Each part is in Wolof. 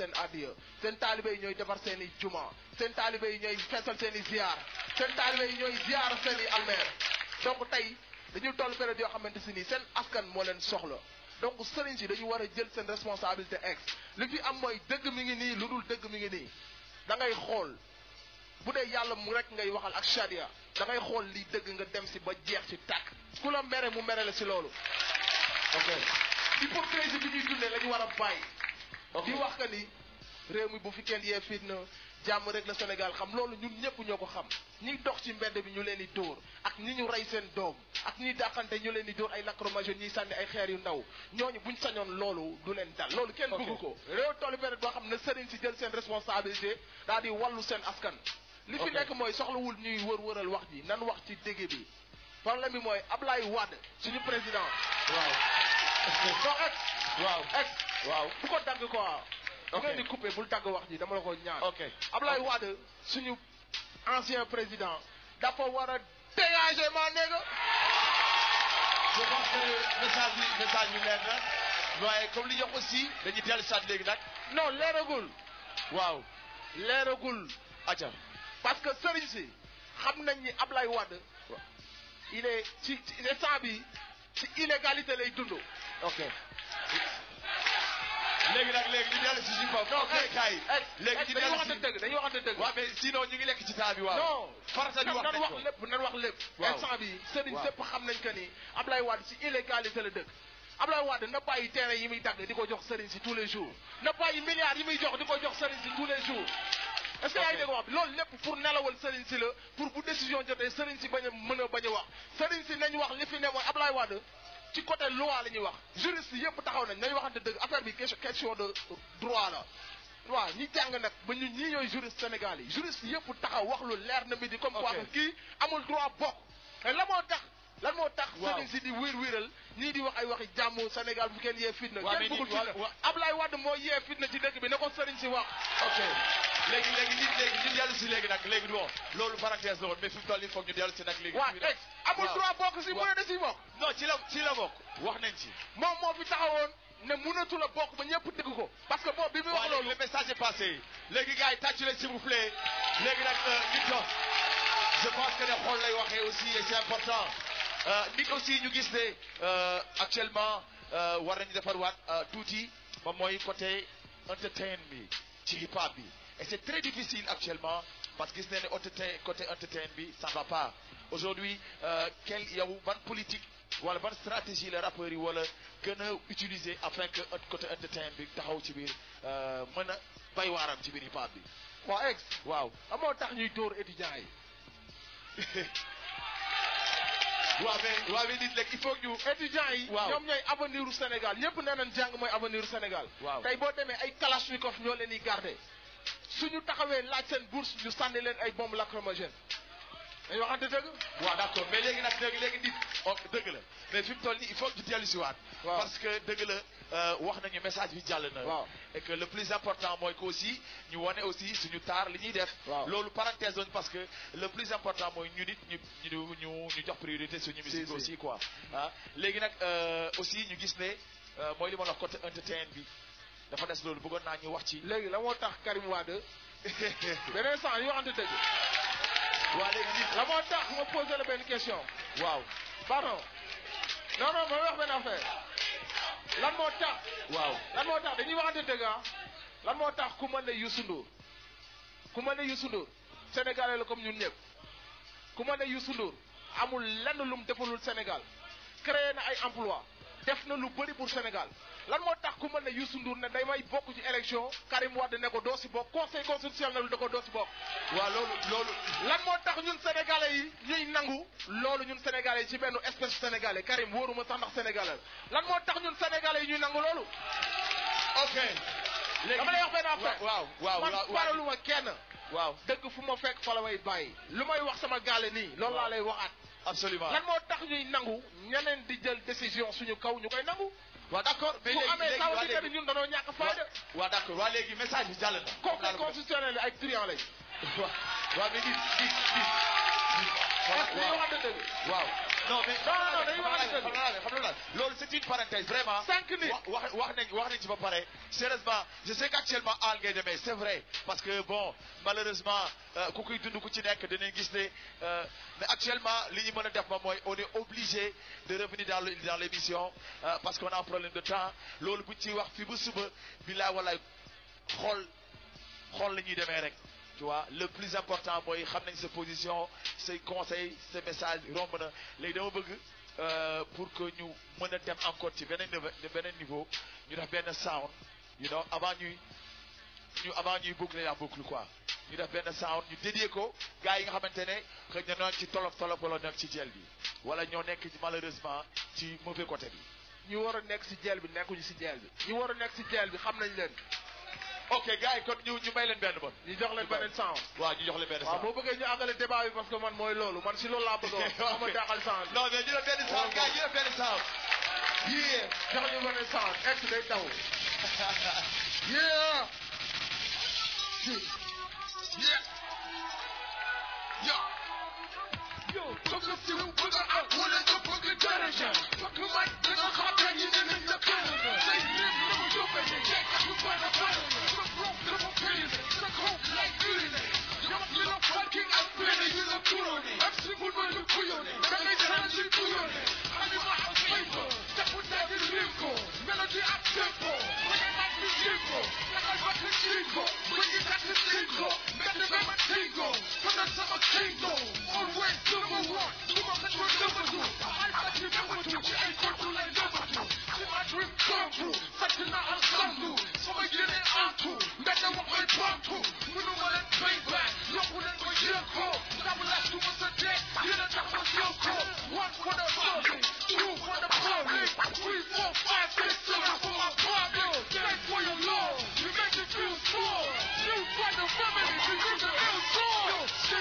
seen addiya seen taalibe yi ñooy defar seen i juma seen taalibe yi ñooy feesal seen i ziar seen taalibe yi ñooy ziar seen i almeer donc tey dañuy toll période yoo xamante si nii seen askan moo leen soxla donc sëriñ si dañu war a jël seen responsabilité ex li fi am mooy dëgg mi ngi nii lu dul dëgg mi ngi nii da ngay xool bu dee yàlla mu rek ngay waxal ak sharia da xool li dëgg nga dem si ba jeex ci tàkk ku la mere mu mere la si loolu ok hypocrisie bi di wax ka ni réew mi bu fi kenn yee fitna jàmm rek la Sénégal xam loolu ñun ñëpp ñoo ko xam ñiy dox ci mbedd bi ñu leen di dóor ak ñi ñu rey seen doom ak ñiy dàqante ñu leen di dóor ay lacrymogène ñuy sànni ay xeer yu ndaw ñoo ñooñu buñ sañoon loolu du leen dal loolu kenn bëgg ko réew tollu période boo xam na sëriñ si jël seen responsabilité daal di wàllu seen askan li fi nekk mooy soxlawul ñuy wër wëral wax ji nan wax ci dégg bi problème bi mooy Ablaye Wade suñu président waaw non ex. waaw ex waaw bu ko dagg ko ñaan. ok Ablaye Wade suñu ancien président dafa war a dégager maa nekk. je pense que message bi message bi leer na waaye comme li ñu aussi dañuy dellu si waat léegi nag. non leeragul. waaw leeragul. acca parce que sëriñ si xam nañ ni Ablaye Wade il est ci ci illégalité lay dund. ok. léegi nag léegi ñu dellu si si kaw. non kay kay léegi ñu dellu si dañuy waxante dëgg dañuy ñu ngi lekk ci temps bi non farata wax nañ lépp nan wax lépp. waaw instant sëriñ sépp xam nañ que ni Ablaye Wade si illégalité la dëkk. Ablaye Wade na bàyyi terrain yi muy dagg di ko jox sëriñ si tous les jours na bàyyi milliards yi jox di ko jox sëriñ si tous les jours est ce dégg wax loolu lépp pour nelawal sëriñ si la pour bu décision jotee sëriñ si bañ a mën a bañ a wax sëriñ si nañ wax li fi ne woon Ablaye Wade ci côté loi la ñuy wax juriste yëpp taxaw nañ nañ waxante dëgg affaire bi question de droit la waaw ñi jàng nag ba ñu ñii ñooy juriste Sénégal yi juriste yëpp taxaw wax lu leer na bi di comme quoi kii amul droit bokk la moo tax lan moo tax. waaw sëriñ si di wiir wiiral nii di wax ay waxi jàmm Sénégal bu kenn yee fitna. waaw kenn bëggul fitna Ablaye Wade moo yee fitna ci dëkk bi ne ko sëriñ si wax. ok léegi léegi ñun léegi ñun si léegi nag léegi bon loolu parenthèse la woon mais fi mu toll nii foog ñu dellu si nag. léegi waaw tey eh, amul droit bokk si mën a da si bokk. non ci la ci bokk wax nañ ci. moom moo fi taxawoon ne mënatu bokk ba ñëpp dégg ko parce que moom bi muy wax loolu. le message est passé léegi gars yi tàcc léegi nag euh, je lay waxee aussi c'est important nit euh, aussi ñu gis ne euh, actuellement euh, war defar defarwaat tuuti moom mooy côté entertain bi ci hip bi et c'est très difficile actuellement parce que gis nañu ne entertain côté entertain bi ça va pas aujourd'hui quel yow ban politique wala ban stratégie la rappeurs yi wala gën a utiliser afin que côté entertain bi taxaw ci biir mën a bay waaram ci biir hip bi. waaw ex waaw amoo tax ñuy dóor étudiants yi. waaw waaw mais dit léegi il faut que yi. waaw ñoom ñooy avenir u Sénégal ñëpp nee nañ jàng mooy avenir Sénégal. waaw tey boo demee ay kalachnikov ñoo leen di su ñu taxawee laaj seen bourse ñu sànni leen ay bombes lacrymogènes. dañu waxante dëgg waaw d'accord mais léegi nag léegi léegi nit oh, dëgg la mais fi mu toll nii il faut que ñu dellu si waat parce que dëgg la euh, wax nañu message bi jàll na waaw et que le plus important mooy que aussi ñu wane aussi suñu taar li ñuy def loolu parenthèse doon parce que le plus important mooy ñu nit ñu ñu ñu ñu jox priorité suñu musique aussi quoi ah léegi nag euh, aussi ñu gis ne euh, mooy li ma wax côté entertain bi dafa des loolu bëggoon naa ñu wax ci léegi la moo tax Karim Wade beneen sens yoo xamante dëgg waa léegi la moo tax ma posé la benn question waaw pardon non ma wax benn affaire lan moo tax. waaw lan moo tax dañuy waxante dëgg ah. lan moo tax ku mën ne Youssou ku mën ne Youssou Ndour comme ñun ñëpp ku mën ne Youssou Ndour amul lenn lu mu defalul Sénégal créé na ay emploi def na lu bëri pour Sénégal lan moo tax ku mën ne Youssou Ndour ne damay bokk ci élection Karim Wade ne ko doo si bokk conseil constitutionnel ne ko doo si bokk. waaw loolu loolu. lan moo tax ñun sénégalais yi ñuy nangu loolu ñun sénégalais yi ci benn espèce sénégalais Karim wóoruma sax ndax sénégalais lan moo tax ñun sénégalais yi ñuy nangu loolu. ok. léegi dama lay wax benn affaire waaw waaw man paraluma kenn. waaw dëgg fu ma fekk fa la may bàyyi. lu may wax sama gaale nii loolu laa lay waxaat. absolument lan moo tax ñuy nangu ñeneen di jël décision suñu kaw ñu koy nangu. waaw d' accord amee léegi léegi waaw léegi tamit ñun dañoo ñàkk fayda. waaw d' accord léegi message bi jàll na. conseil constitutionnel ay client lañ. waaw waaw mais waaw non mais xam nga la loolu c'est une parenthèse vraiment. cinq mille wax wax nañ wax nañ ci ba pare sérieusement je sais qu'actuellement aal ngay demee c'est vrai parce que bon malheureusement euh, ku kuy dund ku ci nekk dinañ gis ne euh, mais actuellement li ñu mën a def ma mooy on est obligé de revenir dans le dans l'émission euh, parce qu'on a un problème de temps loolu buñ ci wax fi ba suba bilaa walaay xool xool la ñuy demee rek tu vois le plus important mooy xam nañ sa position say conseil sa message romb na léegi dama bëgg euh, pour que ñu mën a dem encore ci beneen beneen niveau ñu def benn sound you know avant ñuy ñu avant ñuy boucler la boucle quoi ñu def benn sound ñu dédié ko gars yi nga xamante ne xëy noonu ci tolof tolof wala nekk ci jël bi wala ñoo nekk ci malheureusement ci mauvais côté bi. ñu war a nekk si jeel bi nekkuñu si jeel bi. ñu war a nekk si jeel bi xam nañ leen ok gars yi kon ñu ñu leen benn bon. ñu jox leen benn sens. waaw ñu jox leen benn sens waaw boo bëggee ñu àggale débat bi parce mooy loolu man si loolu laa bëggoon. ok ma daaxal benn sens gars ñu jox ñu benn sens ex day taw. a am Hepsi bulmalı bu yöne Ben de sensin bu yöne Halime hasbeyim Depo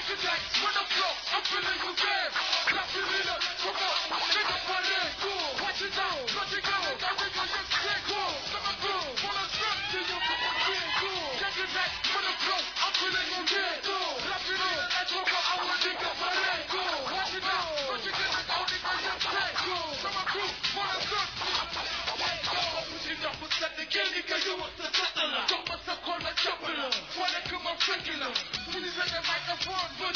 shaking that when I flow, I'm feeling good. Clap your hands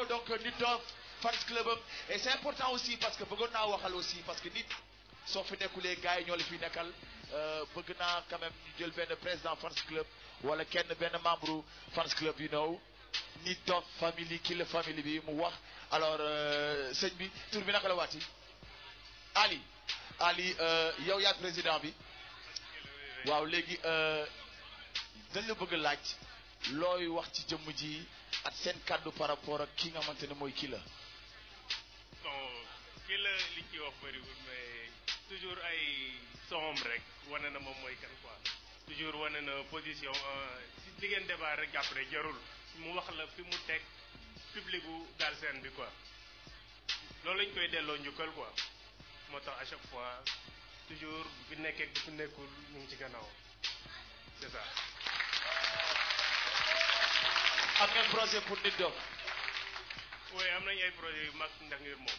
ko donc nit dof fans club am et c'est important aussi parce que bëggoon naa waxal aussi parce que nit soo fi nekkulee gars yi ñoo la fi nekkal euh, bëgg naa quand même ñu jël benn président fans club wala kenn benn membre fans club you know nit dof famille killa famille bi mu wax alors euh, sëñ bi tur bi naka la waati Ali Ali euh, yow yaag président bi waaw léegi dañ la bëgg laaj looy wax ci jëmm ji ak seen kàddu par rapport ak ki nga xamante ne mooy kii la. bon kii la li ci wax bëriwul mais toujours ay soxom rek wane na moom mooy kan quoi toujours wane na position euh, si li ngeen débat rek jarul mu wax la fi mu teg public bu Galsen bi quoi loolu lañ koy delloo njukkal quoi moo tax à chaque fois toujours bi nekkee bi fi nekkul ñu ci gannaaw c'est ça. am ngeen projet pour nit dof oui am ay projet yu mag ndax ngir moom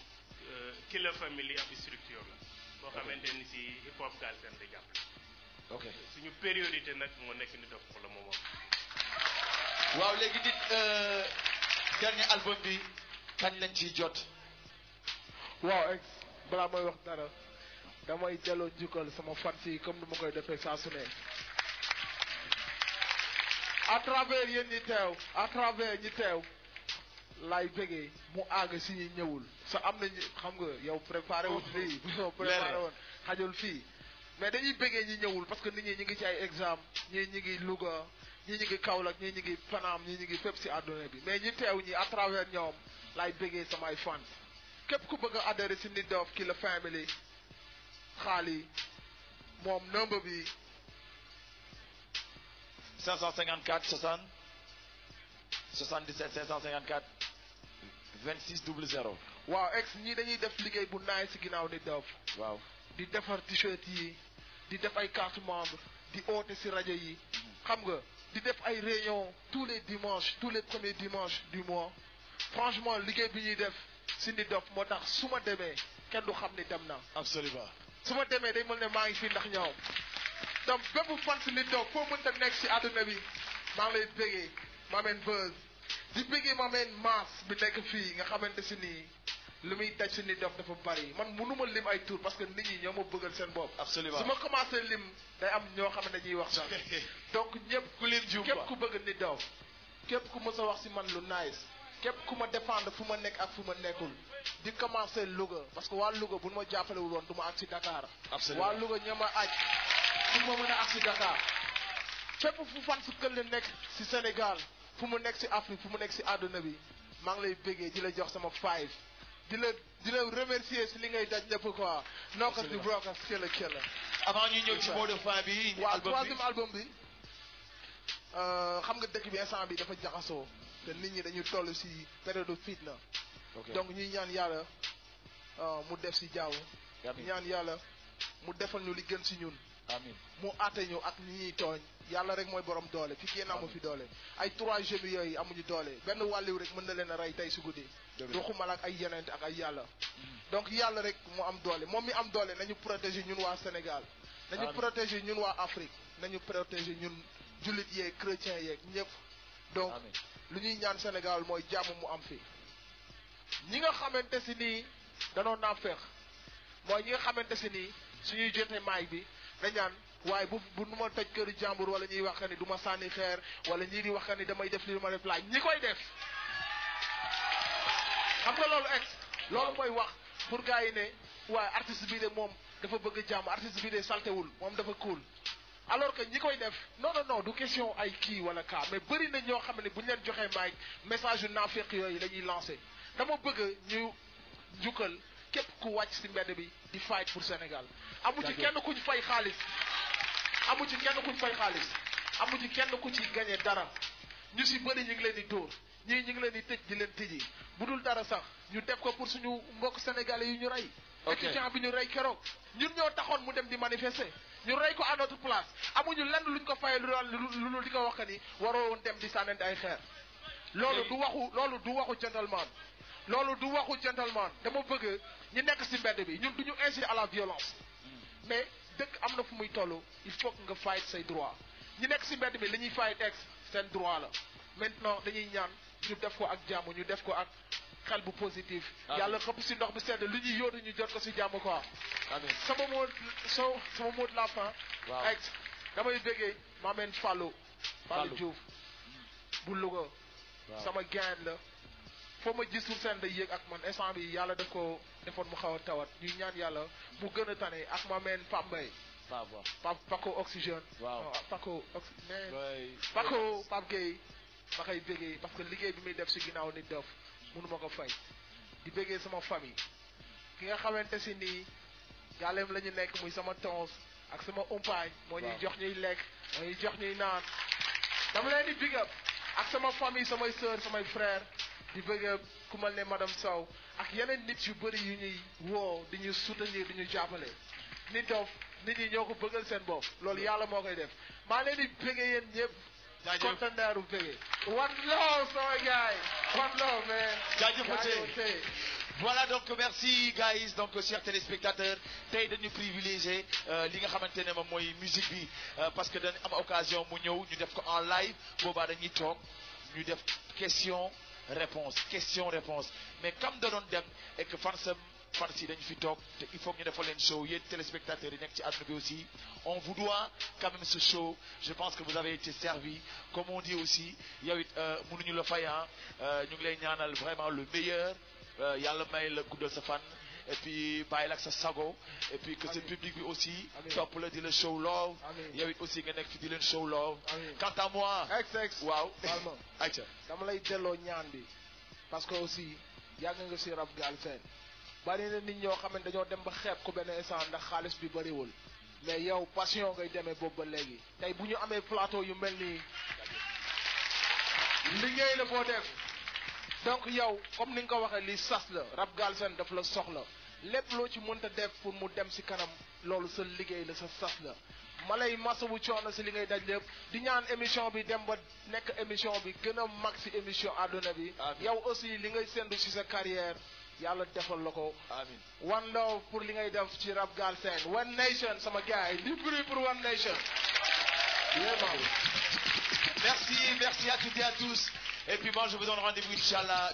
euh, Killa Family ab structure la boo xamante ni ci hip hop galsen da jàpp ok suñu priorité nag moo nekk ni dof xol la moom waaw léegi nit euh, dernier album bi kañ lañ ciy jot waaw balaa mooy wax dara damay jaloo njukkal sama fans yi comme ni ma koy defee saa su à travers yéen ñi teew à travers ñi teew laay bëggee mu àgg si ñi ñëwul sa am nañu xam nga yow préparé wut lii bu soo préparé woon xajul fii mais dañuy bëggee ñi ñëwul parce que nit ñi ñu ngi ci ay exemple ñii ñi ngi Louga ñii ñi ngi Kaolack ñii ñi ngi Panam ñii ñi ngi fépp si àdduna bi mais ñi teew ñi à travers ñoom laay bëggee samay fans képp ku bëgg a adhéré si Nit Doff Killer Family xaalis moom nombre bi 554 60 77 554 26 00. waaw ex ñii dañuy def liggéey bu naay ci ginnaaw di def. waaw di defar t-shirt yi di def ay carte membre di oote si rajo yi. xam nga di def ay réunion tous les dimanches tous les premiers dimanches du mois franchement liggéey bi ñuy def si di dof moo tax su ma demee kenn du xam ni dem na. absolument su ma demee day mel ne maa ngi fi ndax ñoom. donc bépp fan si nit doog foo mënta nekk si àdduna bi maa ngi lay bëggee Mameen Buzz di bëggee Mameen Mass bi nekk fii nga xamante si nii lu muy daj si nit doog dafa bari man mënuma lim ay tur parce que nit ñi ñoo ma bëggal seen bopp. absolument su ma commencé lim day am ñoo xam ne dañuy wax sax. doc ñëpp ku leen jiw képp ku bëgg nit doog képp ku mës a wax si man lu nice képp ku ma défendre fu ma nekk ak fu ma nekkul di commencé Louga parce que waa Louga bu ma jàppalewul woon du ma àgg si Dakar. absolument waa Louga ñoo fu ma mën a agsi Dakar fépp fu fan su këll nekk si Sénégal fu mu nekk ci Afrique fu mu nekk si àdduna bi maa ngi lay bëggee di la jox sama five di la di la si li ngay daj lépp quoi. nokkat di brokas këla këla avant ñu ñëw ci mot de fin bi. waaw troisième album bi euh, xam nga dëkk bi instant bi dafa jaxasoo te nit ñi dañu toll si période fitna donc ñuy ñaan yàlla euh, mu def si jaww. ñaan yàlla mu defal ñu li gën si ñun. amiin mu àtte ñu ak ñi ñuy tooñ yàlla rek mooy borom doole fi kenn amu fi doole ay trois jeux bi yooyu amuñu doole benn wàlliw rek mën na leen rey tey su guddi waxumala ak ay yeneen ak ay yàlla mm. donc yàlla rek mu am doole moom mi am doole nañu protéger ñun waa Sénégal nañu protéger ñun waa Afrique nañu protéger ñun jullit yeeg chrétien yeeg ñëpp donc lu ñuy ñaan Sénégal mooy jàmm mu am fi ñi nga xamante si nii danoo naa feex mooy ñi nga xamante si nii suñuy jotee maay bi rañaan waaye bu bu nu ma toj këru jàmbur wala ñuy wax ni duma sànni xeer wala ñii di wax ni damay def li ma def laaj ñi koy def xam nga loolu ex loolu mooy wax pour gars yi ne waaye artiste bi de moom dafa bëgg jàmm artiste bi de saltewul moom dafa cool alors que ñi koy def non non du question ay kii wala kaa mais bëri na ñoo xam ne bu ñu leen joxee maay message yu naafeq yooyu la ñuy lancé dama bëgg ñu jukkal képp ku wàcc ci mbedd bi di fight Sénégal amu ci kenn ku ci fay xaalis amu ci kenn ku ci fay xaalis kenn ku ci gañe dara ñu si bëri ñu ngi leen di dóor ñu ngi leen di tëj di leen tëji bu dul dara ñu def ko pour suñu mbokk sénégalais yi ñu rey étudiant bi ñu rey keroog ñun ñoo taxoon mu dem di manifester ñu rey ko à notre amuñu lenn luñ ko fayee lu lu di ko wax ni waroo woon dem di sànnante ay xeer loolu du waxu loolu du waxu gentleman loolu du waxu gentleman dama bëgg ñu nekk ci mbedd bi ñun du ñu inciter à la violence mais dëkk am na fu muy toll il faut nga fight say droit ñi nekk si mbedd mi li ñuy fight ex seen droit la maintenant dañuy ñaan ñu def ko ak jàmm ñu def ko ak xel bu positif. yàlla xëpp si ndox bi sedd li ñuy yóotu ñu jot ko si jàmm quoi. amiin sama mot so sama mot de la fin. waaw ex damay bëggee ma amee Fallou. Fallou Diouf bu Louga. sama gain la. foo ma gisul seen day yéeg ak man instant bi yàlla daf ko defoon mu xaw a tawat ñuy ñaan yàlla mu gën a tane ak ma meen Pambay. Paa waaw Paa Paco oxygène. waaw non ah, Paco oxy mais. waay Paco Pape ma koy bégee parce que liggéey bi muy def si ginnaaw nit def mënuma ko fay. di bégee sama famille ki nga xamante si nii gàlleem la ñu nekk muy sama tons ak sama umpaañ. moo ñuy jox ñuy lekk moo ñuy jox ñuy naan. dama leen di big up ak sama famille samay sœur samay frère di bëgg ku mel ne madam Sow ak yeneen nit yu bëri yu ñuy woo di ñu soutenir di ñu jàppale nit doof nit ñi ñoo ko bëggal seen bopp loolu yàlla moo koy def maa leen di bëggee yéen ñëpp. jaajëf conteneur bu bëggee. one love sama gars yi one love mais. jaajëf voilà donc merci guys donc chers téléspectateurs tey dañu privilégié euh, li nga xamante ne moom mooy musique bi euh, parce que dañu am occasion mu ñëw ñu def ko en live boobaa dañuy toog ñu def question. réponse question réponse mais kam da doon dem et que fansam farsi dañu fi toog te il faut ñu defal leen show yéen téléspectateurs yi nekk ci àdduna bi aussi on vous doit quand même ce show je pense que vous avez été servi comme on dit aussi yow it euh, mënuñu la fay euh, ñu ngi lay ñaanal vraiment le meilleur euh, yàlla may la guddal sa fan et puis bàyyil ak sa sago et puis que ce public bi aussi topp la di la show love yow it aussi nga nekk fi di leen show love quant à moi waaw ayca dama lay delloo ñaan bi parce que aussi yàgg nga si rab Galsen bari na nit ñoo xam ne dañoo dem ba xeeb ko benn instant ndax xaalis bi bariwul mais yow passion ngay demee boobu ba léegi tey bu ñu amee plateau yu mel nii liggéey la boo def donc yow comme ni nga ko waxee li sas la rab galsen daf la soxla lépp loo ci mënta def pour mu dem si kanam loolu sa liggéey la sa sas la ma lay masawu coono si li ngay daj lépp di ñaan émission bi dem ba nekk émission bi gën a mag si émission àdduna bi yow aussi li ngay sendu si sa carrière yàlla defal la ko amiin one love pour li ngay def ci rap galsen one nation sama gars yi di bruit pour one nation Merci, merci à toutes et à tous. rendez-vous, Inch'Allah,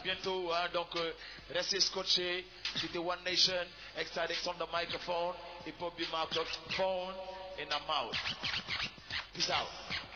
donc, euh, restez C'était One Nation. Excited on the microphone. Hip-hop, phone, and I'm out.